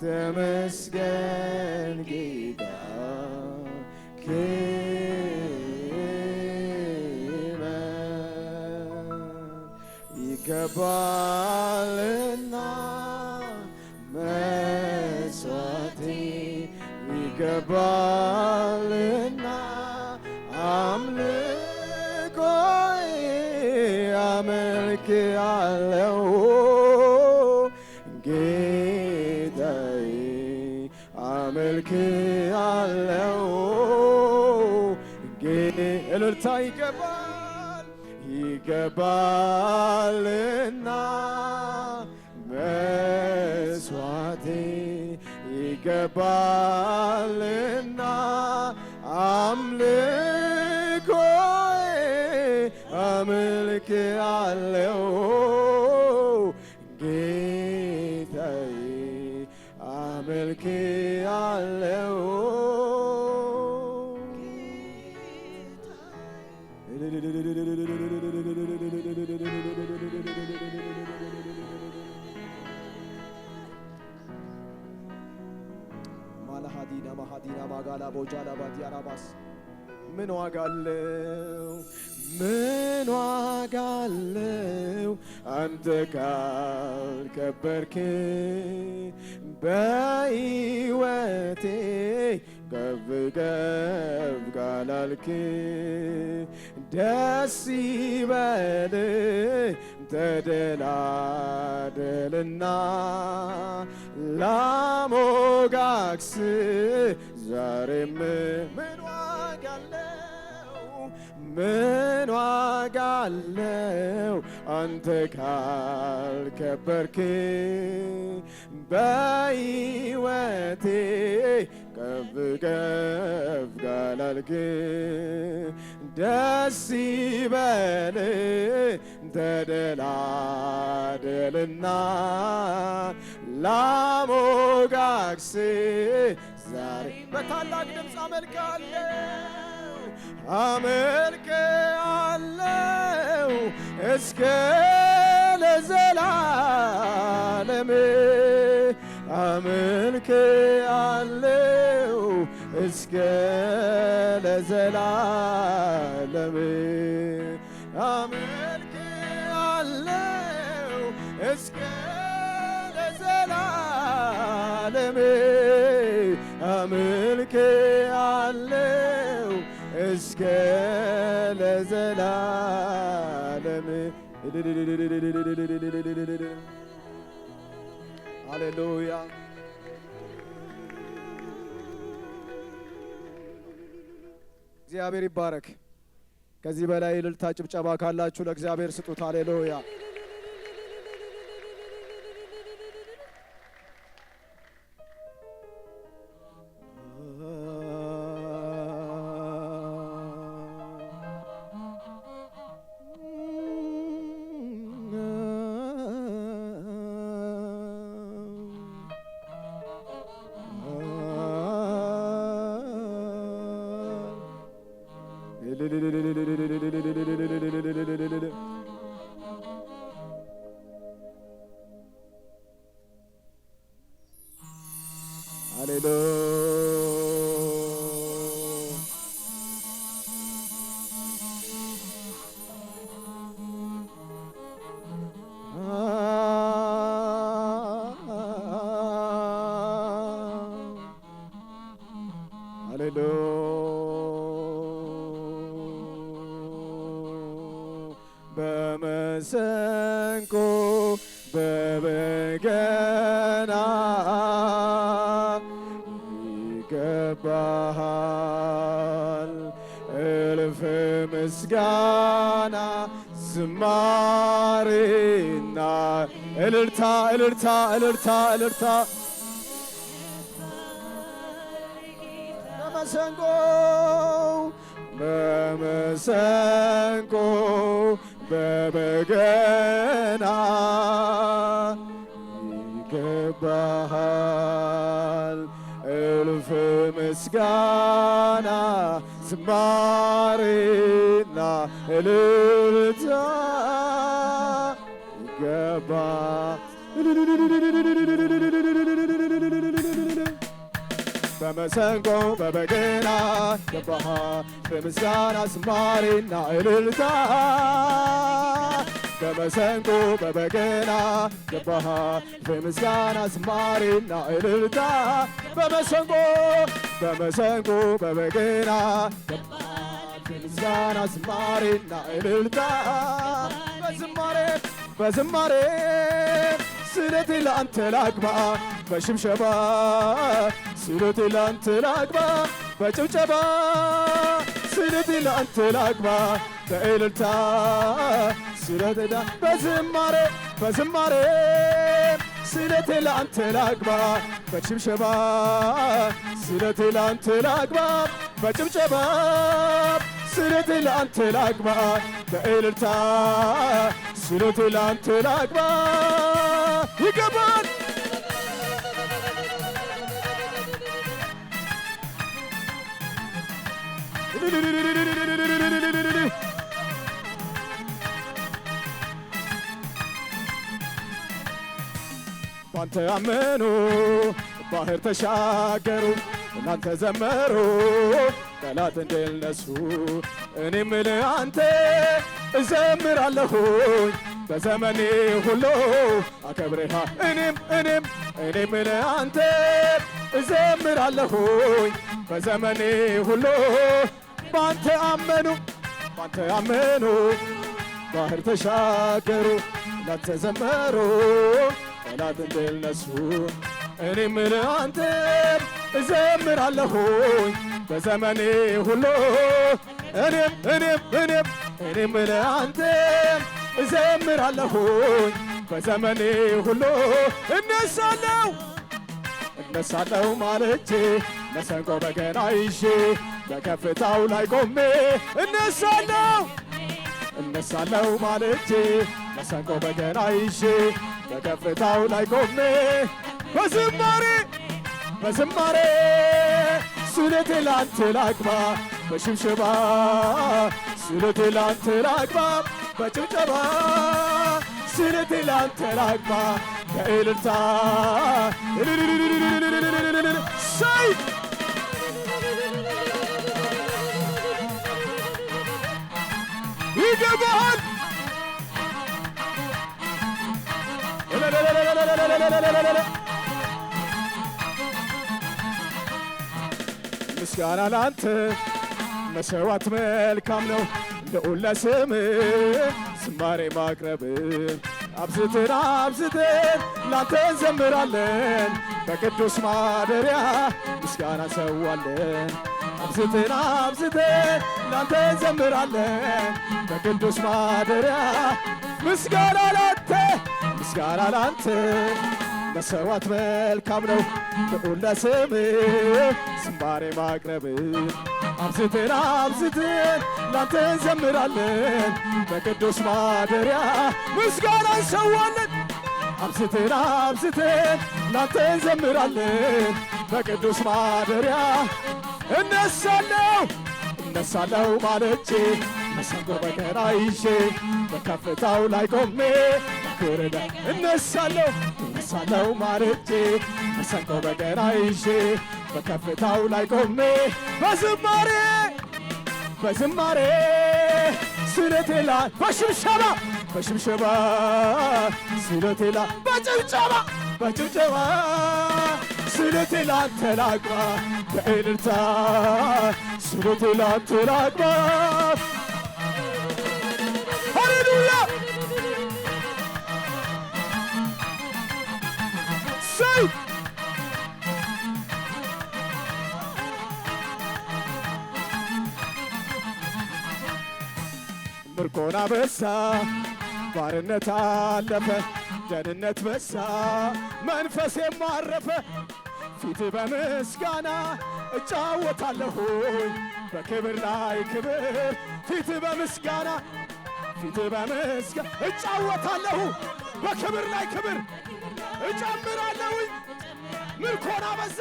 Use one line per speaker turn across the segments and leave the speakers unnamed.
ተመስገን ጌታ ይገባልና አለው አመልክሃለሁ አመልክ አለው እልልታ ይገባል ይገባልና ይገባልና አምልኮ አምልክ አለው ጌታዬ አምልክ አለው ጌታዬ
ቦጃላባት ያራባስ
ምን ዋጋ ምን ዋጋ አለው? አንተ ካልከበርክ በሕይወቴ ከፍ ከፍ ካላልክ ደስ ይበል ተደላደልና ላሞጋክስ ዛሬም ምን ዋጋ አለው? ምን ዋጋ አለው? አንተ ካልከበርክ በሕይወቴ ከፍ ከፍ ካላልክ ደስ ይበል ተደላደልና ላሞጋክስ በታላቅ ድምፅ አመልከ አለው አመልከ አለው እስከ ለዘላለም አመልከ አለው እስከ ለዘላለም አምልክ አለው እስከ ለዘላለም።
ሃሌሉያ እግዚአብሔር ይባረክ። ከዚህ በላይ እልልታ ጭብጨባ ካላችሁ ለእግዚአብሔር ስጡት። ሃሌሉያ Hallelujah. Ah, Hallelujah. በመሰንቆ በበገና ተቀብለሃል እልፍ ምስጋና ዝማሬና እልልታ እልልታ እልልታ እልልታ በመሰንቆ በመሰንቆ በበገና ምስጋና ዝማሬና እልልታ ይገባ በመሰንቆ በበገና ገባሃ በምስጋና ዝማሬና እልልታ በመሰንቆ በበገና ገባሃል በምስጋና ዝማሬና እልልታ በመሰንቆ በመሰንቆ በበገና በምስጋና ዝማሬና እልልታ በዝማሬ በዝማሬ ስለቴ ላንተ ላግባ በሽብሸባ ስለቴ ላንተ ላግባ በጭብጨባ ስለቴ ላንተ ላግባ በእልልታ ስለተዳ በዝማሬ በዝማሬ ስለ ትላንት ላግባ በጭብጨባ ስለ ትላንት ላግባ በጭብጨባ ስለ ትላንት ላግባ በእልልታ ስለ ትላንት ላግባ ይገባል Dili dili dili dili dili dili dili dili እንኳን ተያመኑ ባህር ተሻገሩ እናንተ ዘመሩ ጠላት እንዴል ነሱ እኔ ምል አንተ እዘምራለሁኝ በዘመኔ ሁሉ አከብሬሃ እኔም እኔም እኔ ምል አንተ እዘምራለሁኝ በዘመኔ ሁሉ ባንተ አመኑ ባንተ አመኑ ባህር ተሻገሩ እናንተ ዘመሩ ጠላት ድል ነሱ እኔም ለአንተም እዘምራለሁኝ በዘመኔ ሁሉ እኔም እኔም እኔም እኔም ለአንተም እዘምራለሁኝ በዘመኔ ሁሉ እነሳለሁ እነሳለሁ ማለቼ መሰንቆ በገና ይዤ በከፍታው ላይ ቆሜ እነሳለሁ እነሳለሁ ማለቼ መሰንቆ በገና ይዤ በከፍታው ላይ ቆሜ በዝማሬ በዝማሬ ስለቴ ላንተ ላግባ በሽብሸባ ስለቴ ላንተ ላግባ በጭብጨባ ስለቴ ላንተ ላግባ በእልልታ ሳይ ምስጋና ላንተ መሰዋት መልካም ነው፣ ልዑል ስም ዝማሬ ማቅረብ አብዝተን አብዝተን ላንተ እንዘምራለን፣ በቅዱስ ማደሪያ ምስጋና ሰዋለን። አብዝተን አብዝተን ላንተ እንዘምራለን፣ በቅዱስ ማደሪያ ምስጋና ላንተ ምስጋና ላንተ መሰዋት መልካም ነው ልዑል ለስም ዝማሬ ማቅረብ አብዝተን አብዝተን ላንተ እንዘምራለን በቅዱስ ማደሪያ ምስጋና እንሰዋለን አብዝተን አብዝተን ላንተ እንዘምራለን በቅዱስ ማደሪያ እነሳለው እነሳለው ማለቼ መሰንቆ በቀና ይዤ በከፍታው ላይ ቆሜ ኮረዳ እነሳለሁ እነሳለሁ ማርቼ መሰንቆ በገና ይዤ በከፍታው ላይ ቆሜ በዝማሬ በዝማሬ ስለት ይላል በሽብሸባ በሽብሸባ ስለት ይላል በጭብጨባ በጭብጨባ ስለት ይላል ተላቅባ በእልልታ ስለት ይላል ተላቅባ ምርኮና በሳ ባርነት አለፈ፣ ደህንነት በዛ፣ መንፈስ የማረፈ ፊት በምስጋና እጫወታለሁ በክብር ላይ ክብር ፊት በምስጋና ፊት በምስጋ እጫወታለሁ በክብር ላይ ክብር እጨምራለሁ ምርኮና በዛ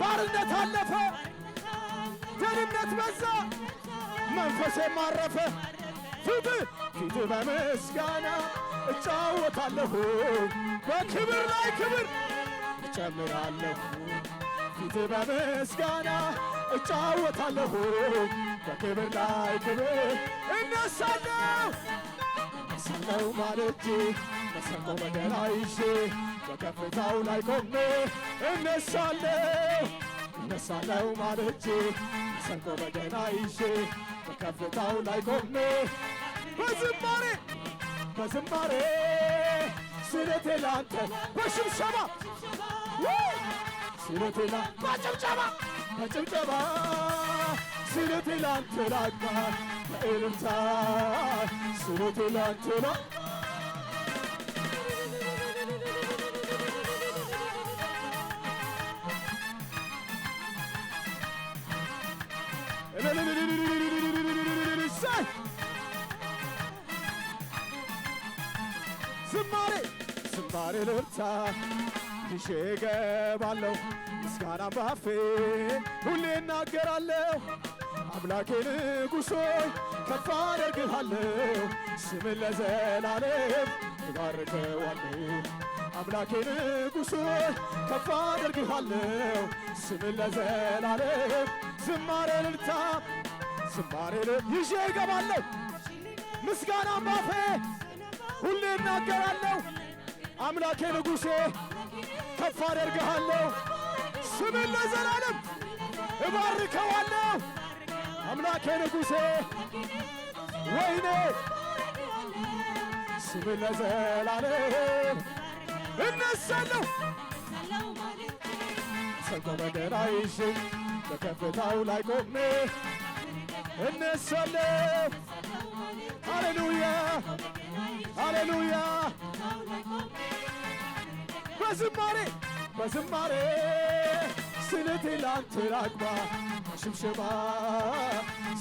ባርነት አለፈ፣ ደህንነት በዛ መንፈሴ ማረፈ ፊት ፊት በምስጋና እጫወታለሁ፣ በክብር ላይ ክብር እጨምራለሁ። ፊት በምስጋና እጫወታለሁ፣ በክብር ላይ ክብር እነሳለሁ። እነሳለሁ ማለቴ በሰርቆ በገላይ ይዤ በከፍታው ላይ ቆሜ እነሳለሁ እነሳለሁ ማለቴ በሰርቆ በገላይ ይዤ ከፍታው ላይ ቆሜ በዝማሬ በዝማሬ ስለቴ ላንተ በሽብሸባ ስለቴ ላ በጭብጨባ በጭብጨባ ስለቴ ላንተ ላጋ በእልልታ ስለቴ ላንተ ላ ዛሬ ልብርታ ይዤ እገባለሁ ምስጋና ባፌ ሁሌ እናገራለሁ። አምላኬ ንጉሶይ ከፍ አደርግሃለሁ ስምን ለዘላለም እባርከዋለሁ። አምላኬ ንጉሶ ከፍ አደርግሃለሁ ስምን ለዘላለም ዝማሬ ልልታ ዝማሬ ይዤ እገባለሁ ምስጋናም ባፌ ሁሌ እናገራለሁ አምላኬ ንጉሴ ከፍ አደርግሃለሁ፣ ስምን ለዘላለም እባርከዋለሁ። አምላኬ ንጉሴ ወይኔ ስምን ለዘላለም እነሳለሁ። ሰንቆ በገና በከፍታው ላይ ቆሜ እነሳለሁ Hallelujah. Hallelujah. በዝማሬ በዝማሬ ስለቴላ ትራግባ ሽብሸባ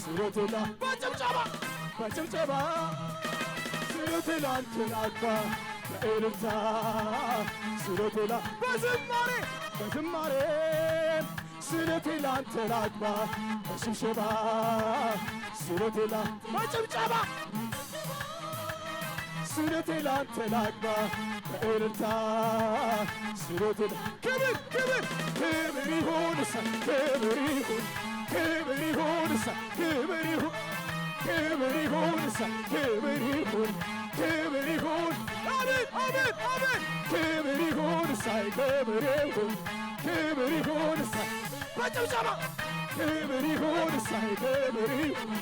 ስለቴላ በጭብጨባ በጭብጨባ ስለቴላ ትራግባ በእልልታ ስለቴላ በዝማሬ በዝማሬ ስለቴላ ትራግባ በሽብሸባ ስለቴላ ማጨብጨባ ስለቴላንተ ላግባ በእልልታ ስለቴላ ክብር ክብር ክብር ይሁንሳ ክብር ይሁን ክብር ይሁንሳ ክብር ይሁን ክብር ይሁንሳ ክብር ይሁን ክብር ይሁን አሜን አሜን አሜን ክብር ይሁንሳ ክብር ይሁን ክብር ይሁንሳ ማጨብጨባ ክብር ይሁንሳ ክብር ይሁን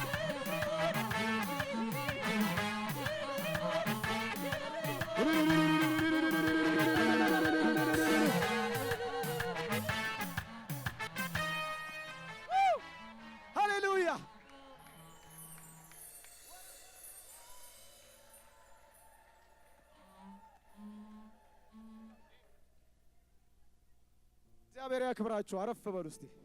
አክብራችሁ አረፍ በሉ እስቲ።